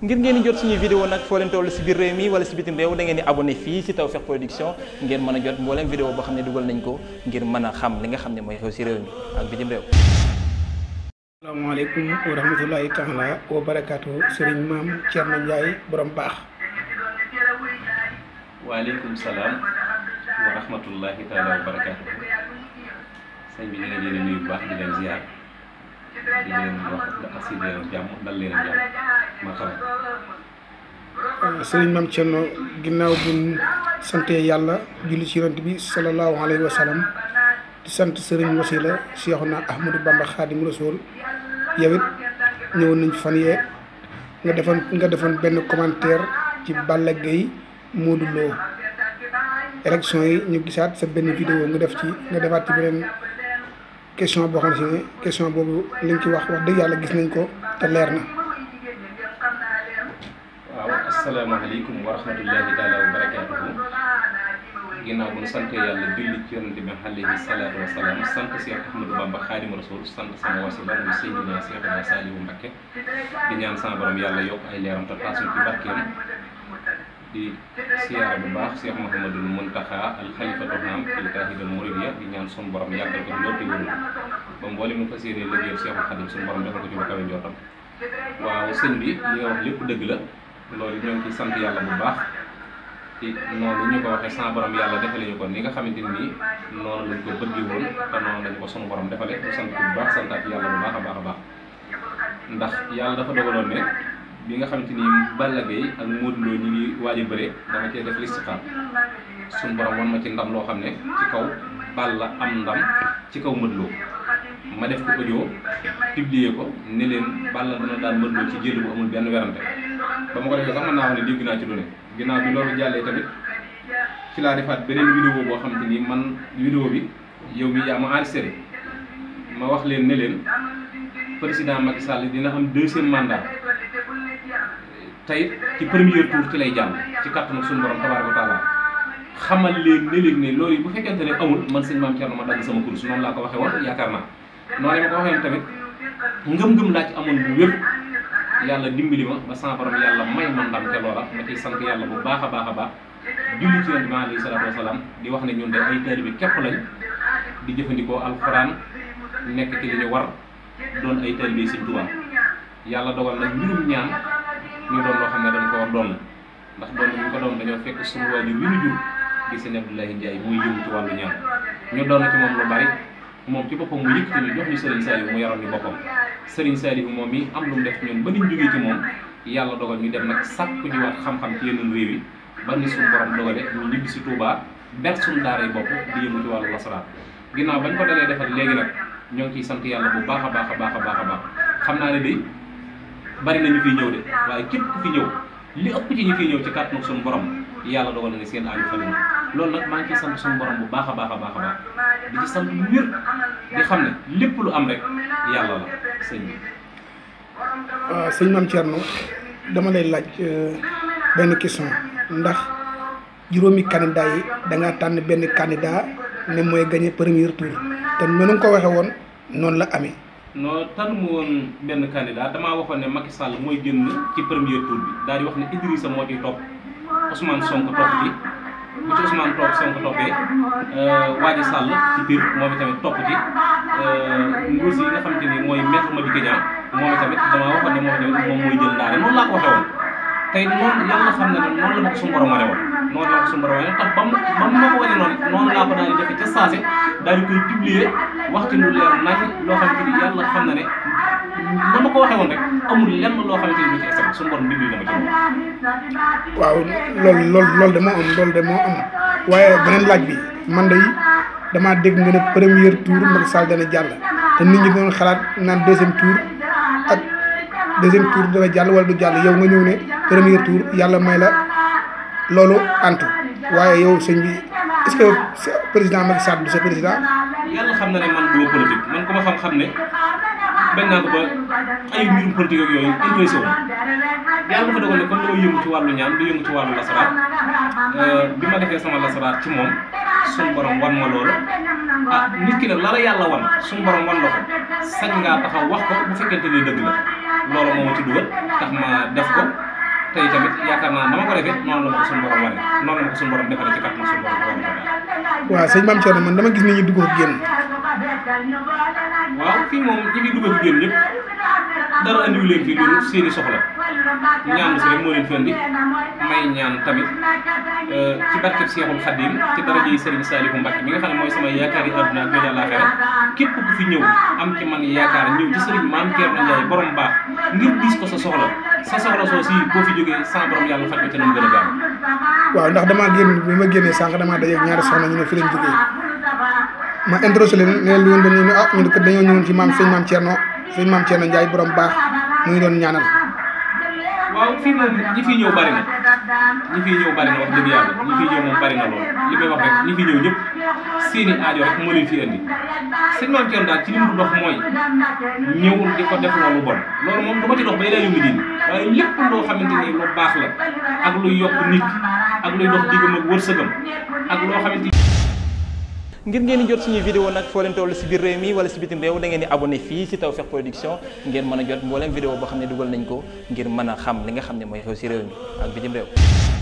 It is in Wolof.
ngir ngeen jot suñuy vidéo nag foo leen si biir réew mi wala si bitim réew da ngeen di abonné fii si Tawfekh Production ngeen mën a jot mbooleem vidéo boo xam ne dugal nañ ko ngir mën a xam li nga xam ne mooy xew si réew mi ak bitim réew asalaamaaleykum wa rahmatulahi taala wa barakaatu sëriñ maam Thierno Ndiaye borom baax bu baax di leen ziar sëriñ Maam Cerno ginnaaw bu sante yàlla julli ci yonent bi sallallahu alayhi wa sallam sant sëriñ wasila Seexuna Ahmadu Bamba Xaadimu Rasuul yow it ñëwoon nañ fan yee nga defoon nga defoon benn commentaire ci Balla Gaye Modou Lo élection yi ñu gisaat sa benn vidéo nga def ci nga defaat ci beneen question boo xam si ne question boobu liñ ci wax wax dëgg yàlla gis nañ ko te leer na. waaw asalaamaaleykum wa rahmatullahi taala wa ginnaaw bu sant yàlla julli ci yonente bi alayhi salaatu wa salaam sant Cheikh Ahmadou Bamba Xaadimu Rasuul sant sama ñaan sama yàlla yokk ay leeram te taas ci barkeem. di siyaara bu baax Cheikh Mouhamadul Mountakha al xalifatu naam fil tahidal muridiyya di ñaan suñu borom yàggal ko ci loolu te wér ba mboolem mu fas yéene liggéeyal Cheikhul Khadim suñu borom defal ko ci lu kawe njootam waaw sëñ li nga lépp dëgg la loolu ñoo ngi ciy sant yàlla bu baax ci noonu ñu ko waxee sans borom yàlla defale ñu ko ni nga xamante ni noonu lañ ko bëggee woon te noonu lañ ko suñu borom defale ñu sant ko bu baax santaat yàlla bu baax a baax a baax ndax yàlla dafa dogaloon ne bi nga xamante ni Balla Gaye ak Modou Lo ñu ngi waaj a bëre dama cee def listixaar suñu borom wan ma ci ndam loo xam ne ci kaw la am ndam ci kaw Modou ma def ko audio publier ko ne leen Balla dana daan Modou Lo ci jël bu amul benn werante ba ma ko defee sax mën naa wax ne dégg naa ci lu ne ginnaaw bi loolu jàllee tamit ci laa defaat beneen vidéo boo xam xamante ni man vidéo bi yow mi yaa ma enregistré ma wax leen ne leen président Macky Sall dina am deuxième tey ci premier tour ci lay jàll ci kàttanu suñu borom tabaaraka wa taala xamal leen ne leen ne loolu bu fekkente ne amul man sëñ maam Thierno ma dagg sama course noonu laa ko waxee woon yaakaar naa noonu la ko waxee woon tamit ngëm-ngëm laa ci amoon bu wér yàlla dimbali ma ba sama borom yàlla may ma ndam te loola ma ciy sant yàlla bu baax a baax a baax julli ci yonent bi alayhi salaatu di wax ne ñun de ay taalibe képp lañ di jëfandikoo alxuraan nekk ci li ñu war doon ay taalibe Sëñ Tuubaa yàlla dogal nag mbirum ñaan ñu doon loo xam ne dañ ko war doon ndax doon ñu ko doon dañoo fekk suñu waajur wi ñu jur di sëñ Abdoulaye Ndiaye muy yëngu ci wàllu ñaan ñu doon ci moom lu bari moom ci boppam mu yëkkati ñu jox ñu Serigne Saliou mu yaral ñu boppam Serigne Saliou lu def ñun ba ñu jógee ci moom yàlla dogal ñu dem nag sàkku jiwaat xam-xam ci yeneen réew yi ba ni suñu borom dogale ñu ñibbi si Touba ber suñu daaray bopp di yëngu ci wàllu wasalaat ginnaaw bañ ko dalee defal léegi nag ñoo ngi ciy sant yàlla bu baax a baax baax a baax a baax bari nañu fi ñëw de waaye képp ku fi ñëw li ëpp ci ñu fiy ñëw ci kàttanu suñu borom yàlla dogal na ne seen aaju fajoo loolu nag maa ngi ciy sant suñu borom bu baax a baax a baax a baax di ci sant lu wér di xam ne lépp lu am rek yàlla la sëñ bi. waaw ah, sëñ dama lay laaj euh, benn question ndax juróomi candidat yi da tànn benn candidat ne mooy gagné premier tour te mënu nga ko waxee woon noonu la amee. non tànn mu woon benn candidat damaa waxoon ne Macky Sall mooy génn ci premier tour bi daal di wax ne Idrissa moo ciy topp Ousmane Sonko topp ci bu ci Ousmane topp Sonko toppee euh, ci biir moom itamit topp ci euh, nguur si yi nga xamante ni mooy maître Madické Niang moom itamit damaa waxoon ne moom itamit moom mooy jël daal noonu laa ko waxee woon tey noonu yàlla xam na noonu la ko wax ci lu waaw loolu loolu de moo am loolu de moo am waaye beneen laaj bi man de damaa dégg nga ne premier tour Macky Sall dana jàll te nit ñi doon xalaat naan deuxième tour ak deuxième tour dana jàll wala du jàll yow nga ñëw ne premier tour yàlla may la. loolu antu waaye yow sëñ bi est président Macky Sall sa président. yàlla xam na ne man duma politique man ku ma xam-xam ne bañ naa ko ba ay mbirum politique ak yooyu intéressé wu yàlla dafa dogal ne comme damay yëngu ci wàllu ñaan di yëngu ci lasaraat euh, bi ma defee sama lasaraat ci moom suñu borom wan ma loolu ah nit ki nag la la yàlla wan suñu borom wan la ko sañ ngaa taxaw wax ko bu fekkente ni dëgg la loolu moo ma ci dugal tax ma def ko. tey tamit yaakaar naa dama ko defee noonu la ma ko suñu borom waree noonu la ma ko suñu borom defaree ci kàttan suñu borom waree waaw sëñ Mame Thierno man dama gis ni ñu dugg ak génn. waaw fii moom ñi ngi dugg ak génn ñëpp dara andiwu leen fii loolu seeni soxla ñaan si rek moo leen fi andi may ñaan tamit euh, ci barkeb Seexul Xadim ci dara ji Serigne Saliou Mbacke mi nga xam ne mooy sama yaakaar yi àdduna ak yàlla àllaaxira képp ku fi ñëw am ci man yaakaar ñëw ci Serigne Mame Thierno Ndiaye borom baax. ngir diis ko sa soxla si boo fi jógee sa borom yàlla faj ko ca nam gën a waaw ndax damaa génn bu ma génnee sànq damaa daje ñaari soxna ñu ne fi lañ jógee ma introsé leen ne lu woon dañu ne ah ñu kat dañoo ñëwoon ci maam sëñ maam Thierno sëñ maam Thierno Ndiaye baax mu ngi doon ñaanal waaw fii moom ñi fiy ñëw bari dëgg yàlla ñi fiy bari na li may fi ñëw ñëpp seeni aajo rek moo leen fi indi sëñ maam Thierno daal ci li mu dox mooy ñëwul di ko def loolu bon loolu moom du ma ci dox bay laa yëngu diin waaye lépp loo xamante ni baax la ak luy yokk nit ak luy dox diggam ak wërsëgam ak loo xamante ngir ngeen di jot suñuy vidéo nag foo leen toll si biir réew mi wala si bitim réew dangeen ngeen di abonné fii si taw Tawfekh Production ngeen mën a jot mbooleem vidéo boo xam ne dugal nañ ko ngir mën a xam li nga xam ne mooy xew si réew mi ak bitim réew